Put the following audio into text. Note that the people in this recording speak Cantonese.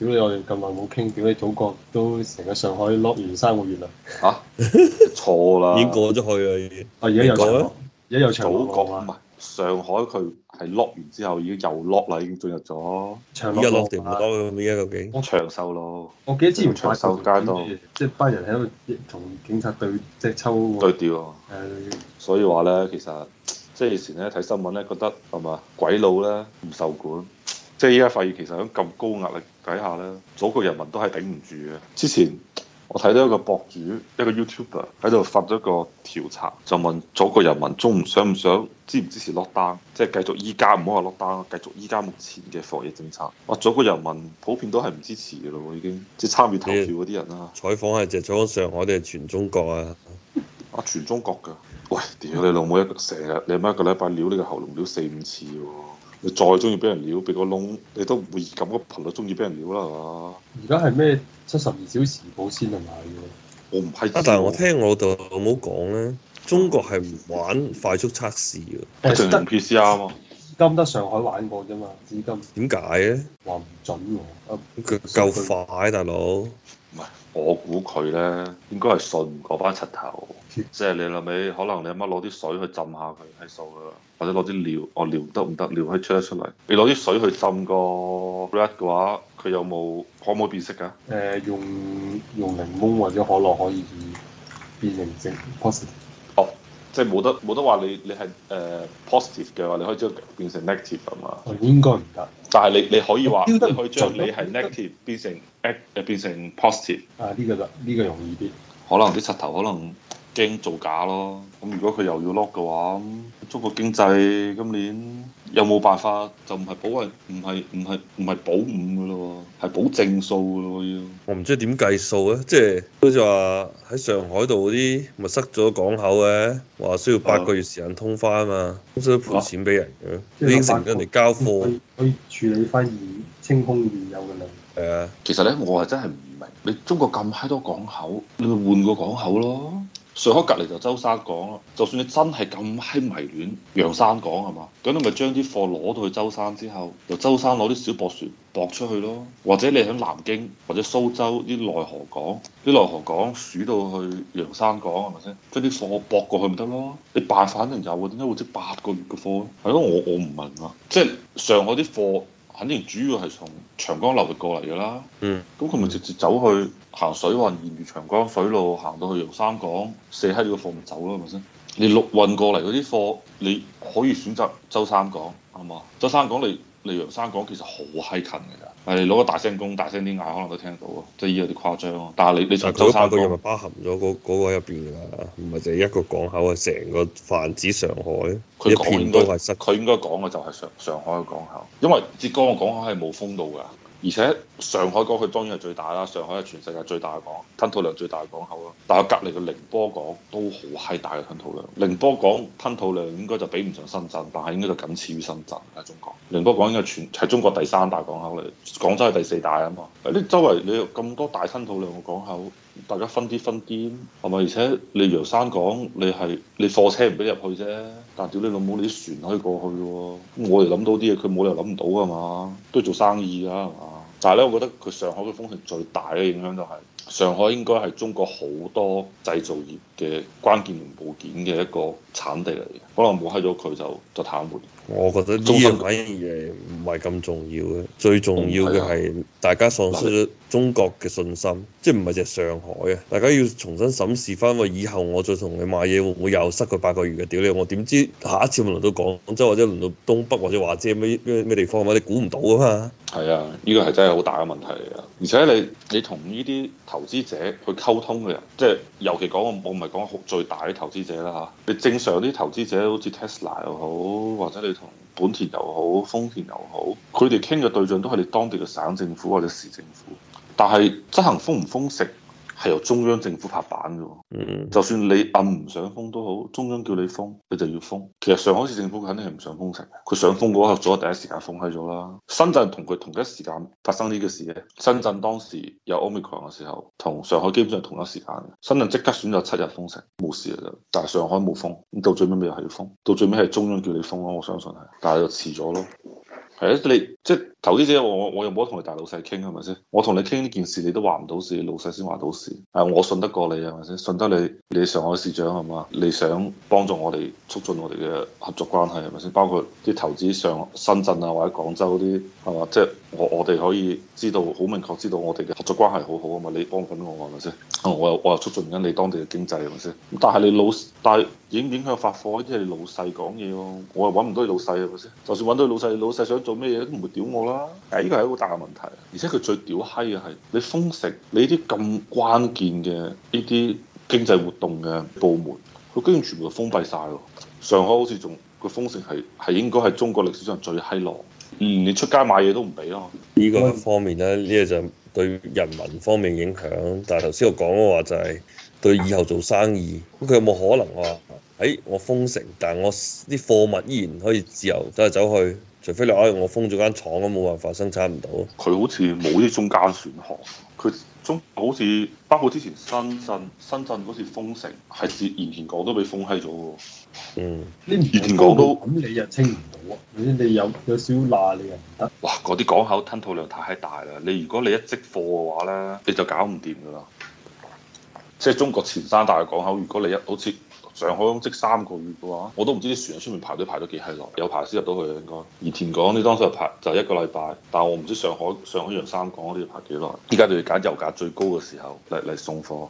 屌你！我哋咁耐冇傾，屌你祖國都成個上海落完三個月啦。嚇？錯啦，已經過咗去啦已經。啊！而家又長，而家又長。祖國唔係上海，佢係落完之後已經又落啦，已經進入咗長。而家落點啊？而家究竟？長壽咯。我記得之前長壽街都即係班人喺度同警察對隻抽喎。對調。所以話咧，其實即係以前咧睇新聞咧，覺得係嘛鬼佬咧唔受管。即係依家發現，其實喺咁高壓力底下呢，祖國人民都係頂唔住嘅。之前我睇到一個博主，一個 YouTuber 喺度發咗個調查，就問祖國人民中唔想唔想支唔支持落單，即係繼續依家唔好話落單，繼續依家目前嘅防疫政策。哇、啊！祖國人民普遍都係唔支持嘅咯，已經即係參與投票嗰啲人啦。採訪係隻採訪上海定係全中國啊？啊，全中國㗎。喂，屌你老母一個成日，你阿媽一個禮拜撩呢個喉嚨撩四五次喎、啊！你再中意俾人撩，俾個窿，你都會咁嘅頻率中意俾人撩啦，係嘛？而家係咩？七十二小時保鮮係咪㗎？我唔係，但係我聽我老豆老母講咧，中國係唔玩快速測試㗎，係得 PCR 啊嘛，今得上海玩過啫嘛，至今。點解咧？話唔準喎。佢、啊、夠快、啊，大佬。我估佢咧應該係順嗰班柒頭，的即係你諗起，可能你阿媽攞啲水去浸下佢係數噶，或者攞啲尿，哦尿得唔得尿可以出得出嚟？你攞啲水去浸個 red 嘅話，佢有冇可唔可以變色㗎？誒、呃，用用檸檬或者可樂可以變形性。Positive. 即係冇得冇得話你你係誒、uh, positive 嘅話，你可以將變成 negative 啊嘛。應該唔得。但係你你可以話，你可以將你係 negative 變成 at、uh, 變成 positive。啊，呢、這個就呢、這個容易啲。可能啲柒頭可能驚造假咯。咁如果佢又要 lock 嘅話，中國經濟今年。有冇辦法？就唔係保運，唔係唔係唔係保五嘅咯喎，係保正數嘅咯要。我唔知點計數啊，即係好似話喺上海度嗰啲，咪塞咗港口嘅，話需要八個月時間通翻嘛，咁所以賠錢俾人嘅，啊、應承人嚟交貨。可以處理翻餘清空現有嘅量。係啊。其實咧，我係真係唔明，你中國咁閪多港口，你咪換個港口咯。上海隔籬就周山港咯，就算你真係咁閪迷戀，洋山港係嘛？咁你咪將啲貨攞到去舟山之後，由舟山攞啲小駁船駁出去咯。或者你喺南京或者蘇州啲內河港，啲內河港駛到去洋山港係咪先？將啲貨駁過去咪得咯？你辦法肯定有嘅，點解會積八個月嘅貨咧？係咯，我我唔明啊，即係上海啲貨。肯定主要係從長江流域過嚟㗎啦，嗯，咁佢咪直接走去行水運，沿住長江水路行到去洋山港卸喺呢個貨咪走咯，係咪先？你陸運過嚟嗰啲貨，你可以選擇走洋山港，係嘛？走洋山港你。洋山港其實好閪近㗎咋，係你攞個大聲公大聲啲嗌，可能都聽得到啊，即係依有啲誇張咯。但係你你從舟山，佢嗰個入面包含咗嗰嗰個入邊㗎，唔係就係一個港口啊，成個泛指上海，一片都係塞。佢應該講嘅就係上上海嘅港口，因為浙江嘅港口係冇封到㗎。而且上海港佢當然係最大啦，上海係全世界最大嘅港，吞吐量最大嘅港口咯。但係隔籬嘅寧波港都好閪大嘅吞吐量，寧波港吞吐量應該就比唔上深圳，但係應該就僅次於深圳喺中國。寧波港應該全係中國第三大港口嚟，廣州係第四大啊嘛。誒，你周圍你有咁多大吞吐量嘅港口。大家分啲分啲，係咪？而且你楊生講，你係你貨車唔俾入去啫，但屌你老母，你啲船可以過去喎。咁我哋諗到啲嘢，佢冇理由諗唔到㗎嘛，都要做生意㗎嘛。但係咧，我覺得佢上海嘅封城最大嘅影響就係。上海應該係中國好多製造業嘅關鍵零部件嘅一個產地嚟嘅，可能冇閪咗佢就就癱瘓。我覺得呢樣反而唔係咁重要嘅，最重要嘅係大家喪失咗中國嘅信心，嗯啊、是即係唔係淨係上海啊？大家要重新審視翻，以後我再同你買嘢會唔會又塞佢八個月嘅？屌你，我點知下一次會輪到廣州，或者輪到東北，或者華僑咩咩咩地方或者估唔到啊嘛？係啊，呢、呢個係真係好大嘅問題嚟啊！而且你你同呢啲。投資者去溝通嘅人，即係尤其講我，我唔係講最大嘅投資者啦嚇。你正常啲投資者，好似 Tesla 又好，或者你同本田又好、豐田又好，佢哋傾嘅對象都係你當地嘅省政府或者市政府。但係執行封唔封城？係由中央政府拍板嘅喎，嗯、mm，hmm. 就算你暗唔想封都好，中央叫你封，你就要封。其實上海市政府佢肯定係唔想封城，佢想封嗰一刻，早第一時間封起咗啦。深圳同佢同一時間發生呢個事嘅，深圳當時有 Omicron 嘅時候，同上海基本上同一時間。深圳即刻選擇七日封城，冇事嘅啫。但係上海冇封，咁到最尾咪又係要封，到最尾係中央叫你封咯，我相信係，但係就遲咗咯。係啊，你即投資者，我我又冇得同你大老細傾，係咪先？我同你傾呢件事，你都話唔到事，老細先話到事。係我信得過你係咪先？信得你，你上海市長係嘛？你想幫助我哋，促進我哋嘅合作關係係咪先？包括啲投資上深圳啊或者廣州啲係嘛？即係、就是、我我哋可以知道好明確知道我哋嘅合作關係好好啊嘛？你幫緊我係咪先？我又我又促進緊你當地嘅經濟係咪先？但係你老但係影唔影響發貨呢啲係你老細講嘢咯，我又揾唔到你老細係咪先？就算揾到你老細，你老細想做咩嘢都唔會屌我啦。係，依個係一個大嘅問題，而且佢最屌閪嘅係你封城，你啲咁關鍵嘅呢啲經濟活動嘅部門，佢居然全部封閉晒喎。上海好似仲佢封城係係應該係中國歷史上最閪狼，連、嗯、你出街買嘢都唔俾咯。呢個方面咧，呢、呢個就對人民方面影響。但係頭先我講嘅話就係對以後做生意，咁佢有冇可能話喺、哎、我封城，但係我啲貨物依然可以自由走嚟走去？除非你唉，我封咗間廠都冇辦法生產唔到。佢好似冇啲中間轉航，佢中好似包括之前深圳，深圳嗰次封城，係連鹽田港都俾封閪咗喎。嗯。啲鹽田港都咁，你又清唔到啊？你有有少罅，你又唔得？哇！嗰啲港口吞吐量太大啦，你如果你一積貨嘅話咧，你就搞唔掂噶啦。即係中國前三大嘅港口，如果你一好似。上海咁積三個月嘅話，我都唔知啲船喺出面排隊排咗幾係耐，有排先入到去應該。而田港你當時係排就一個禮拜，但係我唔知上海上海洋三港嗰啲排幾耐。依家就要揀油價最高嘅時候嚟嚟送貨。